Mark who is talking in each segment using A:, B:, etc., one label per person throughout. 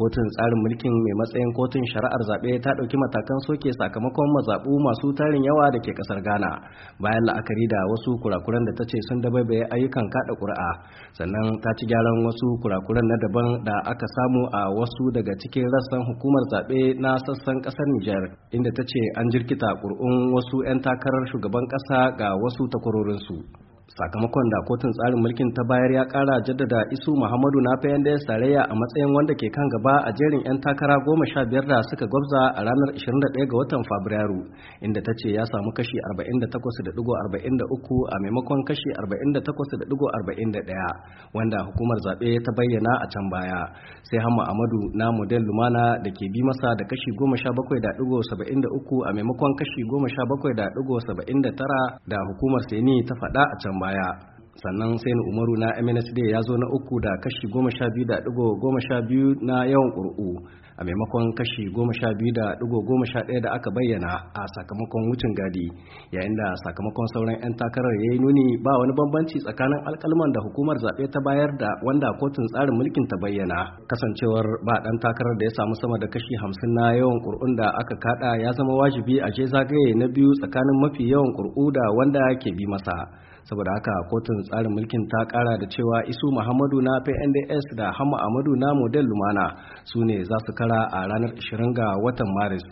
A: kotun tsarin mulkin mai matsayin kotun shari'ar zaɓe ta ɗauki matakan soke sakamakon mazaɓu masu tarin yawa da ke ƙasar ghana bayan la'akari da wasu kurakuran da ta ce sun dabaibaye ayyukan kaɗa ƙuri'a sannan ta ci gyaran wasu kurakuran na daban da aka samu a wasu daga cikin rassan hukumar zaɓe na sassan ƙasar nijar inda ta ce an jirkita ƙuri'un wasu 'yan takarar shugaban ƙasa ga wasu takwarorinsu sakamakon da kotun tsarin mulkin ta bayar ya kara jaddada isu muhammadu na fayan da ya tarayya a matsayin wanda ke kan gaba a jerin 'yan takara goma sha biyar da suka gwabza a ranar 21 ga watan fabrairu inda ta ce ya samu kashi 48.43 a maimakon kashi 48.41 wanda hukumar zaɓe ta bayyana a can baya sai hamma amadu na model lumana da ke bi masa da kashi 17.73 a maimakon kashi 17.79 da hukumar seni ta faɗa a can baya sannan sai na umaru na mnsd ya zo na uku da kashi goma sha biyu da ɗigo goma sha biyu na yawan ƙuri'u a maimakon kashi goma sha biyu da ɗigo goma sha ɗaya da aka bayyana a sakamakon wucin gadi yayin da sakamakon sauran 'yan takarar ya yi nuni ba wani bambanci tsakanin alkalman da hukumar zaɓe ta bayar da wanda kotun tsarin mulkin ta bayyana kasancewar ba ɗan takarar da ya samu sama da kashi hamsin na yawan ƙuri'un da aka kaɗa ya zama wajibi a je zagaye na biyu tsakanin mafi yawan ƙuri'u da wanda ke bi masa saboda haka kotun tsarin mulkin ta kara da cewa isu muhammadu na pnds da hama amadu na model lumana su ne za su kara a ranar 20 ga watan maris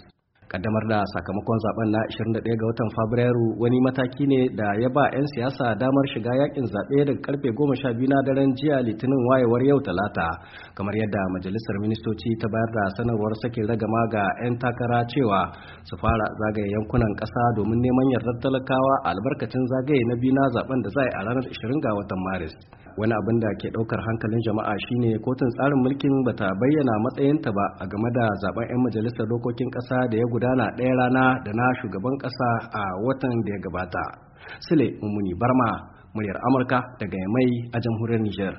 A: kaddamar da sakamakon zaben na 21 ga watan fabrairu wani mataki ne da ya ba 'yan siyasa damar shiga yakin zaɓe daga karfe 12 na daren jiya litinin wayewar yau talata kamar yadda majalisar ministoci ta bayar da sanarwar sakin ragama ga 'yan takara cewa su fara zagaye yankunan ƙasa domin neman yardar talakawa albarkacin zagaye na biyu na zaben da za a ranar 20 ga watan maris wani abin da ke ɗaukar hankalin jama'a shine kotun tsarin mulkin bata bayyana matsayinta ba a game da zaben 'yan majalisar dokokin ƙasa da ya gudana ɗaya rana da na shugaban ƙasa a watan da ya gabata. Sule Mummuni Barma, muryar Amurka daga Yamai a jamhuriyar Nijar.